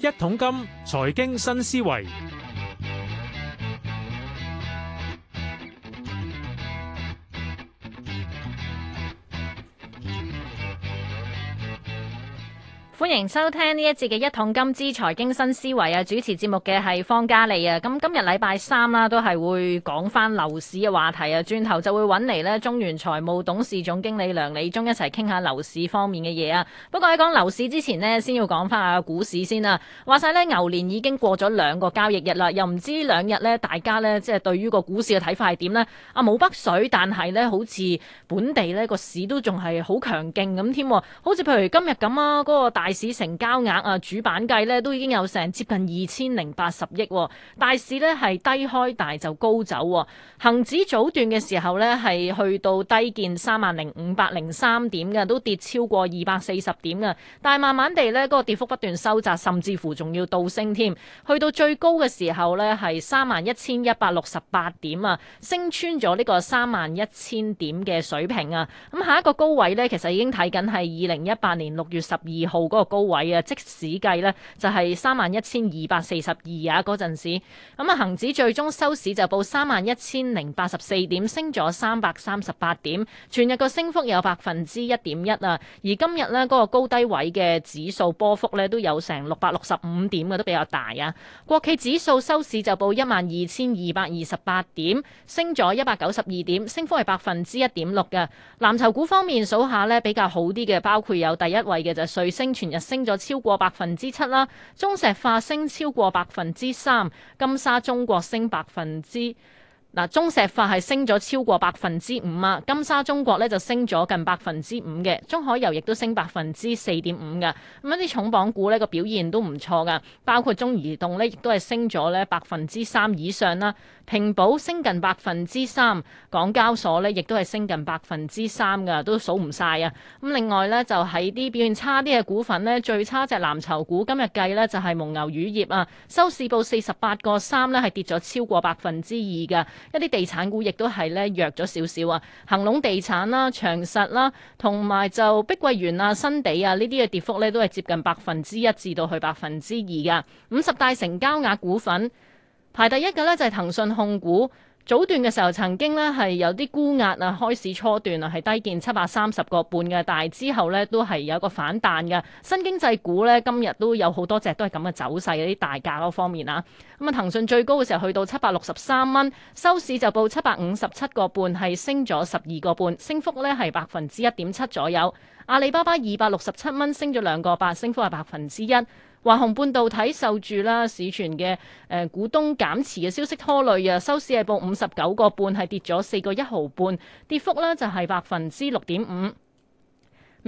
一桶金，財經新思維。收聽呢一節嘅一桶金之財經新思維啊！主持節目嘅係方嘉莉啊！咁今日禮拜三啦，都係會講翻樓市嘅話題啊！轉頭就會揾嚟咧中原財務董事總經理梁理中一齊傾下樓市方面嘅嘢啊！不過喺講樓市之前咧，先要講翻下股市先啦。話晒咧牛年已經過咗兩個交易日啦，又唔知兩日咧大家咧即係對於個股市嘅睇法係點呢？阿、啊、冇北水，但係咧好似本地咧個市都仲係好強勁咁添，好似譬如今日咁啊，嗰、那個大市。成交額啊，主板計咧都已經有成接近二千零八十億，大市呢係低開大就高走哦，恒指早段嘅時候呢係去到低見三萬零五百零三點嘅，都跌超過二百四十點啊。但係慢慢地呢嗰個跌幅不斷收窄，甚至乎仲要倒升添，去到最高嘅時候呢係三萬一千一百六十八點啊，升穿咗呢個三萬一千點嘅水平啊，咁下一個高位呢，其實已經睇緊係二零一八年六月十二號嗰個高。高位啊！即使計呢，就係三萬一千二百四十二啊，嗰陣時咁啊，恒指最終收市就報三萬一千零八十四點，升咗三百三十八點，全日個升幅有百分之一點一啊。而今日呢，嗰、那個高低位嘅指數波幅呢，都有成六百六十五點嘅，都比較大啊。國企指數收市就報一萬二千二百二十八點，升咗一百九十二點，升幅係百分之一點六嘅。藍籌股方面，數下呢比較好啲嘅，包括有第一位嘅就係瑞聲全日升咗超過百分之七啦，中石化升超過百分之三，金沙中國升百分之，嗱，中石化係升咗超過百分之五啊，金沙中國咧就升咗近百分之五嘅，中海油亦都升百分之四點五嘅，咁一啲重磅股咧個表現都唔錯噶，包括中移動咧亦都係升咗咧百分之三以上啦。平保升近百分之三，港交所呢亦都係升近百分之三㗎，都數唔晒啊！咁另外呢，就喺啲表現差啲嘅股份呢，最差隻藍籌股今日計呢，就係蒙牛乳業啊，收市報四十八個三呢，係跌咗超過百分之二㗎。一啲地產股亦都係呢，弱咗少少啊，恒隆地產啦、長實啦，同埋就碧桂園啊、新地啊呢啲嘅跌幅呢，都係接近百分之一至到去百分之二㗎。五十大成交額股份。排第一個呢就係騰訊控股，早段嘅時候曾經呢係有啲沽壓啊，開始初段啊係低見七百三十個半嘅，但係之後呢都係有個反彈嘅。新經濟股呢，今日都有好多隻都係咁嘅走勢，啲大價嗰方面啊。咁啊騰訊最高嘅時候去到七百六十三蚊，收市就報七百五十七個半，係升咗十二個半，升幅呢係百分之一點七左右。阿里巴巴二百六十七蚊，升咗兩個八，升幅係百分之一。華虹半導體受住啦，市傳嘅誒股東減持嘅消息拖累啊，收市係報五十九個半，係跌咗四個一毫半，跌幅咧就係百分之六點五。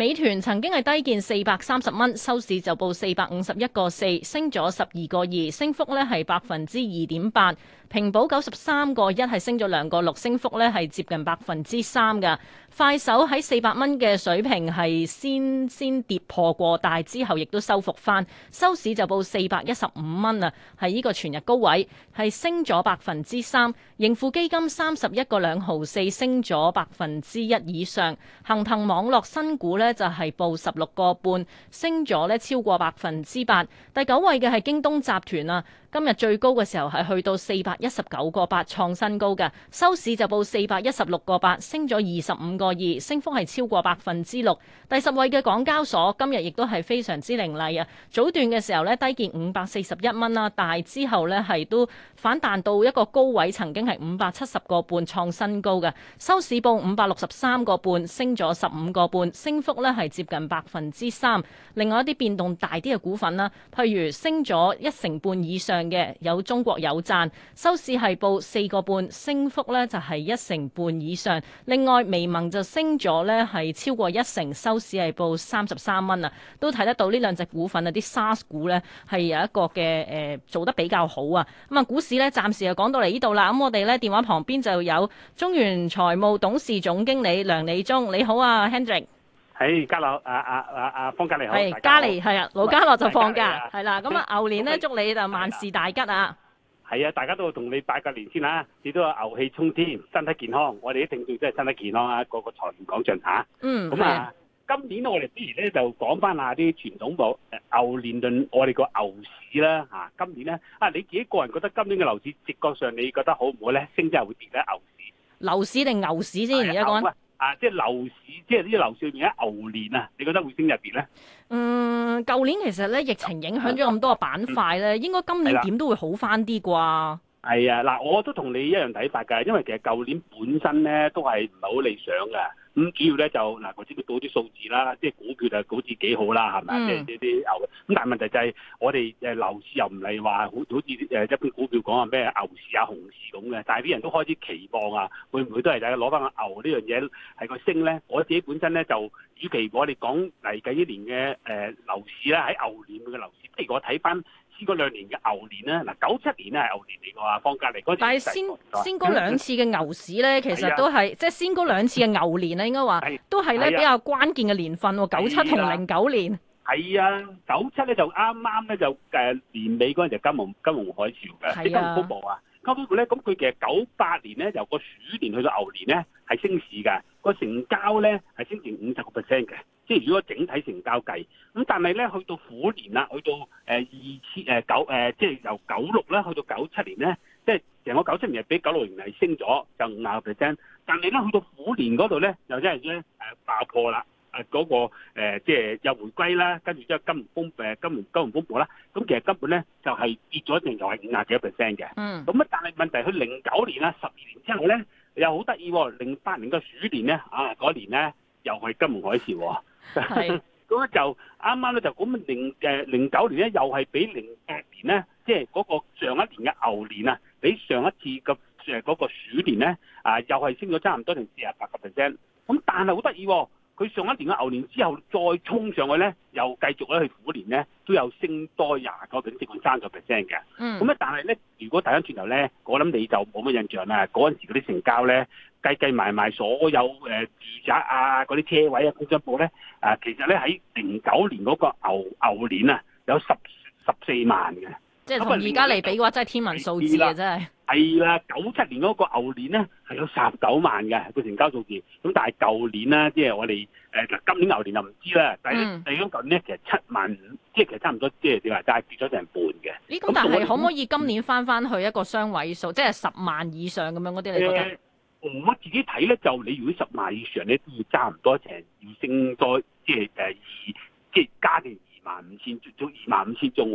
美團曾經係低見四百三十蚊，收市就報四百五十一個四，升咗十二個二，升幅咧係百分之二點八。平保九十三個一係升咗兩個六，升幅咧係接近百分之三嘅。快手喺四百蚊嘅水平係先先跌破過，但之後亦都收復翻，收市就報四百一十五蚊啊，係呢個全日高位，係升咗百分之三。盈富基金三十一個兩毫四，升咗百分之一以上。恒騰網絡新股呢，就係報十六個半，升咗咧超過百分之八。第九位嘅係京東集團啊。今日最高嘅時候係去到四百一十九個八，創新高嘅，收市就報四百一十六個八，升咗二十五個二，升幅係超過百分之六。第十位嘅港交所今日亦都係非常之凌厲啊！早段嘅時候咧低見五百四十一蚊啦，但係之後咧係都反彈到一個高位，曾經係五百七十個半創新高嘅，收市報五百六十三個半，升咗十五個半，升幅咧係接近百分之三。另外一啲變動大啲嘅股份啦，譬如升咗一成半以上。嘅，有中國有贊，收市係報四個半，升幅呢就係一成半以上。另外微盟就升咗呢係超過一成，收市係報三十三蚊啊。都睇得到呢兩隻股份啊，啲沙股呢係有一個嘅，誒、呃、做得比較好啊。咁、嗯、啊，股市呢暫時就講到嚟呢度啦。咁我哋呢電話旁邊就有中原財務董事總經理梁理中，你好啊，Henry。喺、hey, 家樂，阿阿阿阿方嘉樂，你好。係加尼係啊，勞加樂就放假係啦。咁啊，牛年咧祝你就萬事大吉啊！係啊，大家都同你拜個年先啦。你都牛氣沖天，身體健康。我哋一定眾真係身體健康啊，個個財源廣進吓。嗯。咁、嗯、啊，今年我哋不如咧就講翻下啲傳統部牛年論我哋個牛市啦吓。今年咧啊，你自己個人覺得今年嘅樓市直覺上你覺得好唔好咧？升真係會跌，緊牛市。樓市定牛市先而家講。啊！即係樓市，即係呢啲樓市面喺牛年啊，你覺得會升入邊咧？嗯，舊年其實咧，疫情影響咗咁多個板塊咧，嗯、應該今年點都會好翻啲啩？係啊，嗱，我都同你一樣睇法㗎，因為其實舊年本身咧都係唔係好理想嘅。咁主要咧就嗱，頭先佢報啲數字啦，即係股票就，股票就股票好似幾好啦，係咪即係呢啲牛。咁、mm. 但係問題就係我哋誒樓市又唔係話好好似誒一般股票講話咩牛市啊熊市咁嘅。但係啲人都開始期望啊，會唔會都係大家攞翻個牛呢樣嘢係個升咧？我自己本身咧就，與其我哋講嚟緊呢年嘅誒樓市咧，喺牛年嘅樓市，不如我睇翻。先嗰兩年嘅牛年咧，嗱九七年咧係牛年嚟嘅話，放隔離嗰陣時。但係先先嗰兩次嘅牛市咧，其實都係、啊、即係先嗰兩次嘅牛年啦，應該話都係咧比較關鍵嘅年份喎，九七同零九年。係啊，九七咧就啱啱咧就誒年尾嗰陣就金融金融海潮嘅，金融啊。咁包括咧，咁佢其實九八年咧由個鼠年去到牛年咧係升市嘅，個成交咧係升成五十個 percent 嘅，即係如果整體成交計，咁但係咧去到虎年啦，去到誒二千誒九誒，即係由九六啦去到九七年咧，即係成個九七年係比九六年係升咗就五廿個 percent，但係咧去到虎年嗰度咧又真係咧誒爆破啦。啊！嗰個即係又回歸啦，跟住之後金融風誒，金融金融風暴啦。咁其實根本咧就係跌咗一定，就係五啊幾個 percent 嘅。嗯。咁啊，但係問題，佢零九年啊，十二年之後咧，又好得意喎。零八年個鼠年咧，啊嗰年咧，又係金融海嘯、啊。係是。咁咧 就啱啱咧就咁零誒零九年咧，又係比零八年咧，即係嗰個上一年嘅牛年啊，比上一次嘅誒嗰個鼠年咧啊，又係升咗差唔多成四啊八個 percent。咁但係好得意喎。佢上一年嘅牛年之後再衝上去咧，又繼續咧去虎年咧，都有升多廿個點，即係三十 percent 嘅。嗯，咁咧但係咧，如果睇翻轉頭咧，我諗你就冇乜印象啦。嗰陣時嗰啲成交咧，計計埋埋所有誒住宅啊，嗰啲車位啊，工商鋪咧，啊，其實咧喺零九年嗰個牛牛年啊，有十十四萬嘅。即係同而家嚟比嘅話，真係天文數字嘅，嗯、真係係啦，九七年嗰個牛年咧係有十九萬嘅個成交數字，咁但係舊年咧即係我哋誒、呃，今年牛年就唔知啦。但係如果舊年咧，其實七萬五，即係其實差唔多，即係點話，但係跌咗成半嘅。咦？咁但係可唔可以今年翻翻去一個雙位數，即係十萬以上咁樣嗰啲？你覺得、呃？我自己睇咧，就你如果十萬以上咧，都要差唔多成二升多，即係誒二，即係加定二萬五千，足二萬五千宗。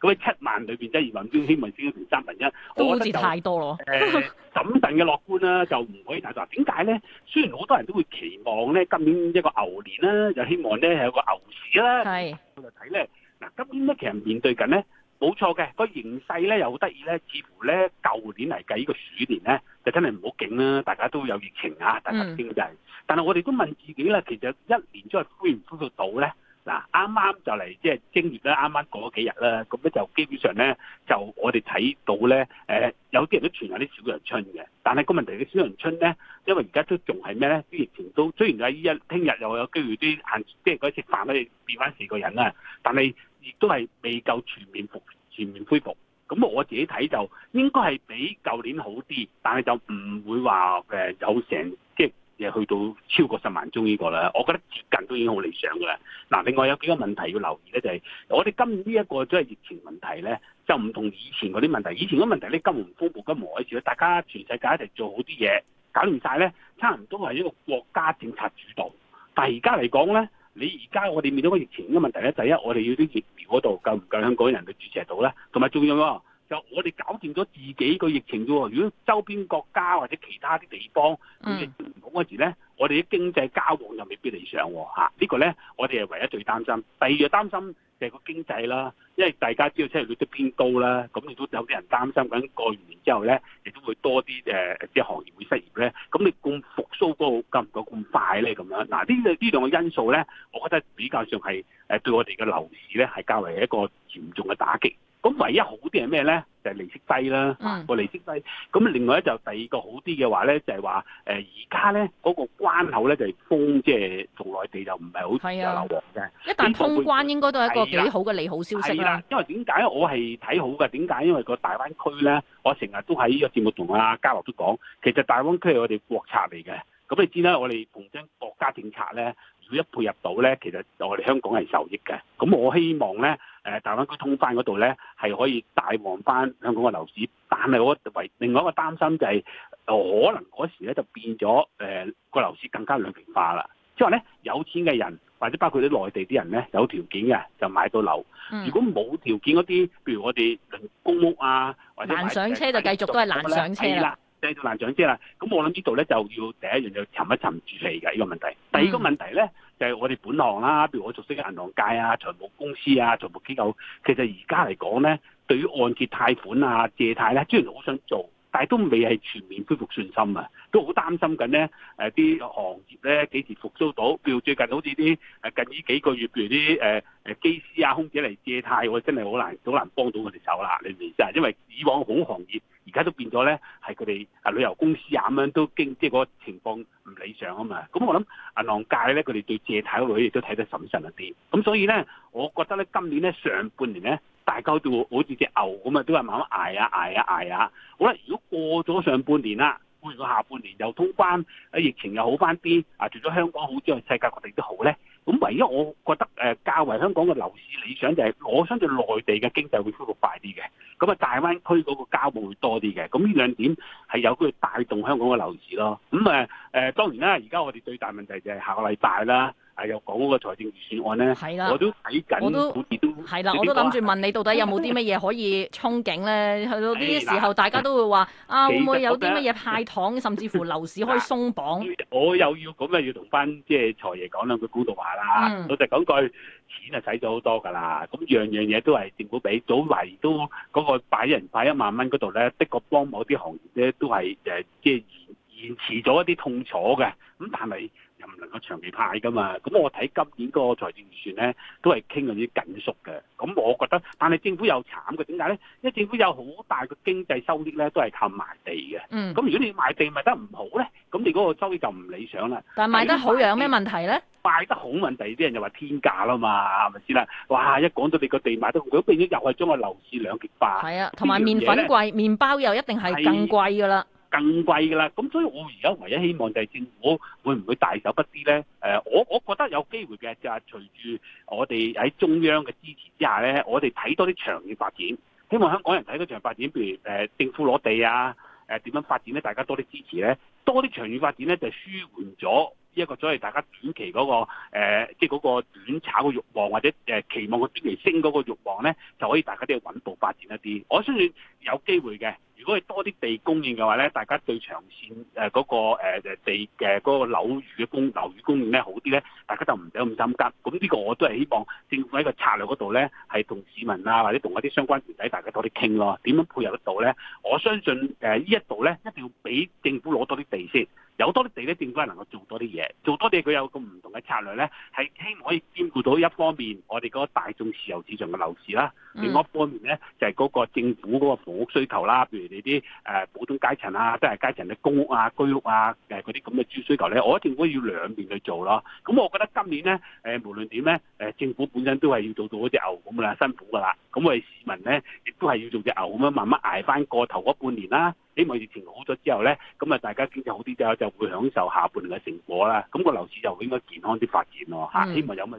咁啊七萬裏邊即係移民，希望升咗成三分一，我覺得都好似太多咯。誒、 呃，審慎嘅樂觀啦、啊，就唔可以大話。點解咧？雖然好多人都會期望咧，今年一個牛年啦、啊，就希望咧有個牛市啦、啊。係是。我就睇咧，嗱，今年咧其實面對緊咧，冇錯嘅、那個形勢咧又好得意咧，似乎咧舊年嚟計呢個鼠年咧就真係唔好勁啦。大家都有疫情啊，大家經、就、濟、是。嗯、但係我哋都問自己咧，其實一年將來恢唔恢復到咧？嗱，啱啱就嚟即係正月啦，啱啱過咗幾日啦，咁咧就基本上咧，就我哋睇到咧，誒、呃、有啲人都傳有啲小陽春嘅，但係個問題啲小陽春咧，因為而家都仲係咩咧？之前疫情都雖然喺依一聽日又有機會啲限，即係嗰啲食飯嗰啲變翻四個人啦，但係亦都係未夠全面復全面恢復。咁我自己睇就應該係比舊年好啲，但係就唔會話誒有成。去到超過十萬宗呢個啦，我覺得接近都已經好理想嘅啦。嗱，另外有幾個問題要留意咧，就係我哋今呢一個都係疫情問題咧，就唔同以前嗰啲問題。以前嗰問題咧，金融風暴、金融海嘯，大家全世界一齊做好啲嘢，搞掂晒咧，差唔多係一個國家政策主導。但係而家嚟講咧，你而家我哋面對緊疫情嘅問題咧，第一我哋要啲疫苗嗰度夠唔夠香港人去注射到咧，同埋仲要就我哋搞掂咗自己個疫情啫喎。如果周邊國家或者其他啲地方，嗰陣時咧，我哋啲經濟交往又未必理想喎，這個、呢個咧，我哋係唯一最擔心。第二嘅擔心就係個經濟啦，因為大家知道即率都偏高啦，咁亦都有啲人擔心緊過完年之後咧，亦都會多啲誒即係行業會失業咧。咁你咁復甦嗰個夠唔夠咁快咧，咁樣嗱呢呢兩個因素咧，我覺得比較上係誒對我哋嘅樓市咧係較為一個嚴重嘅打擊。咁唯一好啲係咩咧？就係、是、利息低啦，個利息低。咁另外咧就第二個好啲嘅話咧，就係話誒而家咧嗰個關口咧就係、封，即係同內地就唔係好流亡嘅。啊、一旦通關應該都係一個幾好嘅利好消息啦、啊啊。因為點解我係睇好嘅？點解？因為個大灣區咧，我成日都喺呢個節目同阿嘉樂都講，其實大灣區係我哋國策嚟嘅。咁你知啦，我哋講緊國家政策咧。佢一配入到咧，其實我哋香港係受益嘅。咁我希望咧，誒大灣區通翻嗰度咧，係可以帶旺翻香港嘅樓市。但係我唯另外一個擔心就係、是，可能嗰時咧就變咗誒個樓市更加兩極化啦。即係話咧，有錢嘅人或者包括啲內地啲人咧，有條件嘅就買到樓；嗯、如果冇條件嗰啲，譬如我哋公屋啊，或者難上車就繼續都係難上車啦。製造難長之啦，咁我諗呢度咧就要第一樣就沉一沉住氣嘅呢個問題。第二個問題咧就係我哋本行啦，譬如我熟悉嘅銀行界啊、財務公司啊、財務機構，其實而家嚟講咧，對於按揭貸款啊、借貸咧，雖然好想做，但係都未係全面恢復信心啊。都好擔心緊咧，誒、呃、啲行業咧幾時復甦到？譬如最近好似啲誒近呢幾個月，譬如啲誒誒機師啊、空姐嚟借貸，我真係好難好難幫到我哋手啦，你明唔明啫？因為以往好行業，而家都變咗咧，係佢哋啊旅遊公司啊咁樣都經即係、嗰個情況唔理想啊嘛。咁我諗銀行界咧，佢哋對借貸嗰類亦都睇得審慎一啲。咁所以咧，我覺得咧今年咧上半年咧，大家都好似隻牛咁啊，都係慢慢捱啊捱啊捱啊。好啦，如果過咗上半年啦。如果下半年又通關，啊疫情又好翻啲，啊除咗香港好之外，世界各地都好咧。咁唯一我覺得誒較、呃、為香港嘅樓市理想就係、是、我相信內地嘅經濟會恢復快啲嘅，咁啊大灣區嗰個交匯會多啲嘅，咁呢兩點。係有機會帶動香港嘅樓市咯，咁誒誒當然啦，而家我哋最大問題就係下個禮拜啦，誒、呃、又講嗰個財政預算案咧，哦、啦我都睇緊，我都好似都係啦，我都諗住問你到底有冇啲乜嘢可以憧憬咧？去到呢啲時候，大家都會話啊，會唔會有啲乜嘢派糖，甚至乎樓市可以鬆綁？我又要咁又要同班即係財爺講兩句古道話啦，我就講句。錢啊，使咗好多㗎啦，咁樣樣嘢都係政府俾，早嚟都嗰個拜人拜一萬蚊嗰度咧，的確幫某啲行業咧都係誒，即係延延遲咗一啲痛楚嘅，咁但係，又唔能夠長期派噶嘛？咁我睇今年嗰個財政預算咧，都係傾緊啲緊縮嘅。咁我覺得，但係政府又慘嘅，點解咧？因為政府有好大嘅經濟收益咧，都係靠賣地嘅。嗯。咁如果你賣地賣得唔好咧，咁你嗰個收益就唔理想啦。但係賣得好又有咩問題咧？賣得好問題，啲人又話天價啦嘛，係咪先啦？哇！一講到你個地賣得，得好，佢變咗又係將個樓市兩極化。係啊，同埋麵粉貴，麵包又一定係更貴㗎啦。更貴㗎啦，咁所以我而家唯一希望就係政府會唔會大手筆啲呢？誒、呃，我我覺得有機會嘅就係隨住我哋喺中央嘅支持之下呢，我哋睇多啲長遠發展，希望香港人睇多長遠發展，譬如誒、呃、政府攞地啊，誒點樣發展呢？大家多啲支持呢，多啲長遠發展呢，就舒緩咗呢一個所謂大家短期嗰個誒，即係嗰個短炒嘅欲望，或者誒期望嘅短期升嗰個慾望咧，就可以大家都要穩步發展一啲。我相信有機會嘅。如果係多啲地供應嘅話咧，大家對長線誒嗰個誒地嘅嗰個樓宇嘅供樓宇供應咧好啲咧，大家就唔使咁心急。咁呢個我都係希望政府喺個策略嗰度咧，係同市民啊或者同一啲相關團體大家多啲傾咯。點樣配合得到咧？我相信誒呢一度咧一定要俾政府攞多啲地先。有多啲地咧，政府係能夠做多啲嘢，做多啲嘢佢有個唔同嘅策略咧，係希望可以兼顧到一方面，我哋嗰個大眾自由市場嘅樓市啦；mm. 另外一方面咧，就係、是、嗰個政府嗰個房屋需求啦，譬如你啲誒普通階層啊，即係階層嘅公屋啊、居屋啊，誒嗰啲咁嘅主需求咧，我覺得政府要兩面去做咯。咁我覺得今年咧，誒無論點咧，誒政府本身都係要做到嗰隻牛咁啦，辛苦噶啦。咁我哋市民咧，亦都係要做隻牛咁樣，慢慢捱翻過頭嗰半年啦。希望疫情好咗之後咧，咁啊大家經濟好啲之後就會享受下半年嘅成果啦。咁個樓市就應該健康啲發展喎。嗯、希望有乜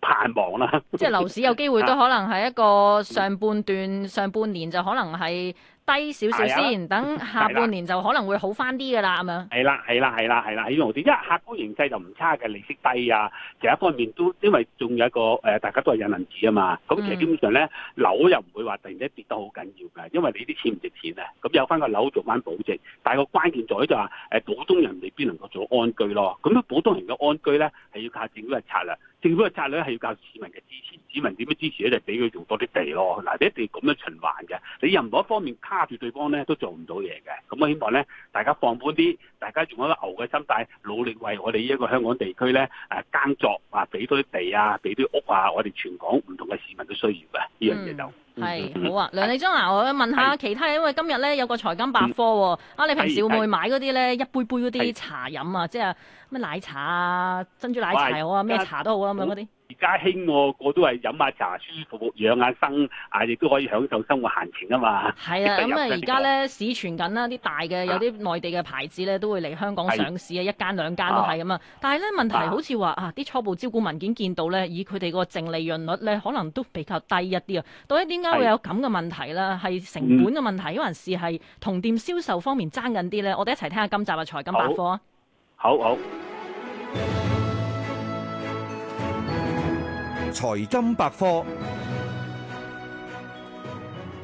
盼望啦。嗯、 即係樓市有機會都可能係一個上半段、嗯、上半年就可能係。低少少先，啊、等下半年就可能會好翻啲噶啦。咁樣、啊。係啦、啊，係啦、啊，係啦、啊，係啦、啊，因為我哋，因為客觀形勢就唔差嘅，利息低啊，其他方面都，因為仲有一個誒、呃，大家都係引銀紙啊嘛。咁、嗯、其實基本上咧，樓又唔會話突然之間跌得好緊要嘅，因為你啲錢唔值錢啊。咁有翻個樓做翻保證，但係個關鍵在於就話、是、誒，普通人未必能夠做安居咯。咁普通人嘅安居咧，係要靠政府嘅策略，政府嘅策略係要靠市民嘅支持，市民點樣支持咧，就俾佢做多啲地咯。嗱，你一定要咁樣循環嘅，你任何一方面揸住對方咧都做唔到嘢嘅，咁我希望咧大家放寬啲，大家用一粒牛嘅心態，帶努力為我哋一個香港地區咧誒耕作啊，俾多啲地啊，俾啲屋啊，我哋全港唔同嘅市民都需要嘅，呢樣嘢就係、嗯、好啊！梁理中啊，我問下是其他，因為今日咧有個財金百科喎、啊，啊你平時會唔會買嗰啲咧一杯杯嗰啲茶飲啊，即係咩奶茶啊、珍珠奶茶好啊、咩茶都好啊咁嗰啲？嗯而家興個個都係飲下茶舒舒服，服、養下生啊，亦都可以享受生活閒情啊嘛。係啊的，咁啊、這個，而家咧市傳緊啦，啲大嘅有啲內地嘅牌子咧都會嚟香港上市啊，的一間兩間都係咁啊。但係咧問題好似話啊，啲初步招股文件見到咧，以佢哋個淨利潤率咧，可能都比較低一啲啊。到底點解會有咁嘅問題咧？係成本嘅問題，嗯、還是係同店銷售方面爭緊啲咧？我哋一齊聽下今集嘅財金百科啊。好好。好財金百科。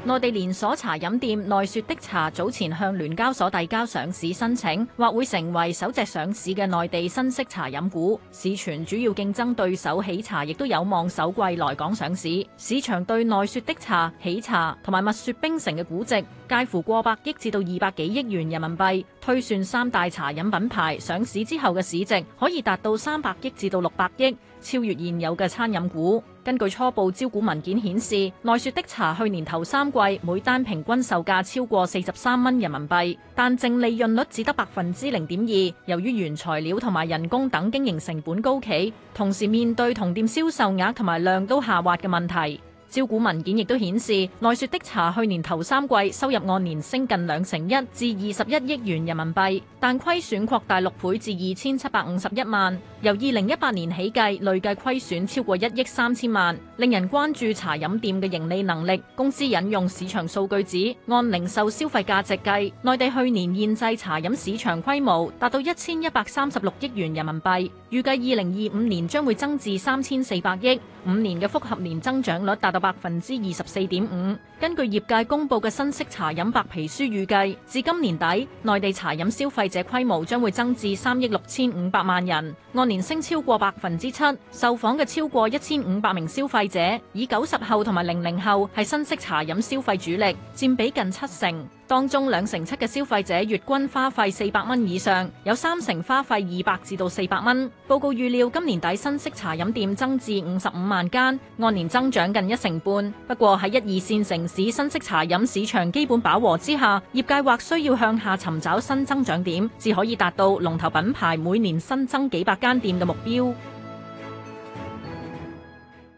內地連鎖茶飲店奈雪的茶早前向聯交所遞交上市申請，或會成為首隻上市嘅內地新式茶飲股。市傳主要競爭對手喜茶亦都有望首季來港上市。市場對奈雪的茶、喜茶同埋蜜雪冰城嘅估值介乎過百億至到二百幾億元人民幣。推算三大茶飲品牌上市之後嘅市值，可以達到三百億至到六百億，超越現有嘅餐飲股。根據初步招股文件顯示，奈雪的茶去年頭三季每單平均售價超過四十三蚊人民幣，但淨利潤率只得百分之零點二。由於原材料同埋人工等經營成本高企，同時面對同店銷售額同埋量都下滑嘅問題。招股文件亦都顯示，奈雪的茶去年頭三季收入按年升近兩成一，至二十一億元人民幣，但虧損擴大六倍至二千七百五十一萬，由二零一八年起計累計虧損超過一億三千萬，令人關注茶飲店嘅盈利能力。公司引用市場數據指，按零售消費價值計，內地去年現製茶飲市場規模達到一千一百三十六億元人民幣，預計二零二五年將會增至三千四百億，五年嘅複合年增長率達到百分之二十四點五。根據業界公佈嘅新式茶飲白皮書預計，至今年底內地茶飲消費者規模將會增至三億六千五百萬人，按年升超過百分之七。受訪嘅超過一千五百名消費者，以九十後同埋零零後係新式茶飲消費主力，佔比近七成。當中兩成七嘅消費者月均花費四百蚊以上，有三成花費二百至到四百蚊。報告預料今年底新式茶飲店增至五十五萬間，按年增長近一成半。不過喺一二線城市新式茶飲市場基本飽和之下，業界或需要向下尋找新增長點，至可以達到龍頭品牌每年新增幾百間店嘅目標。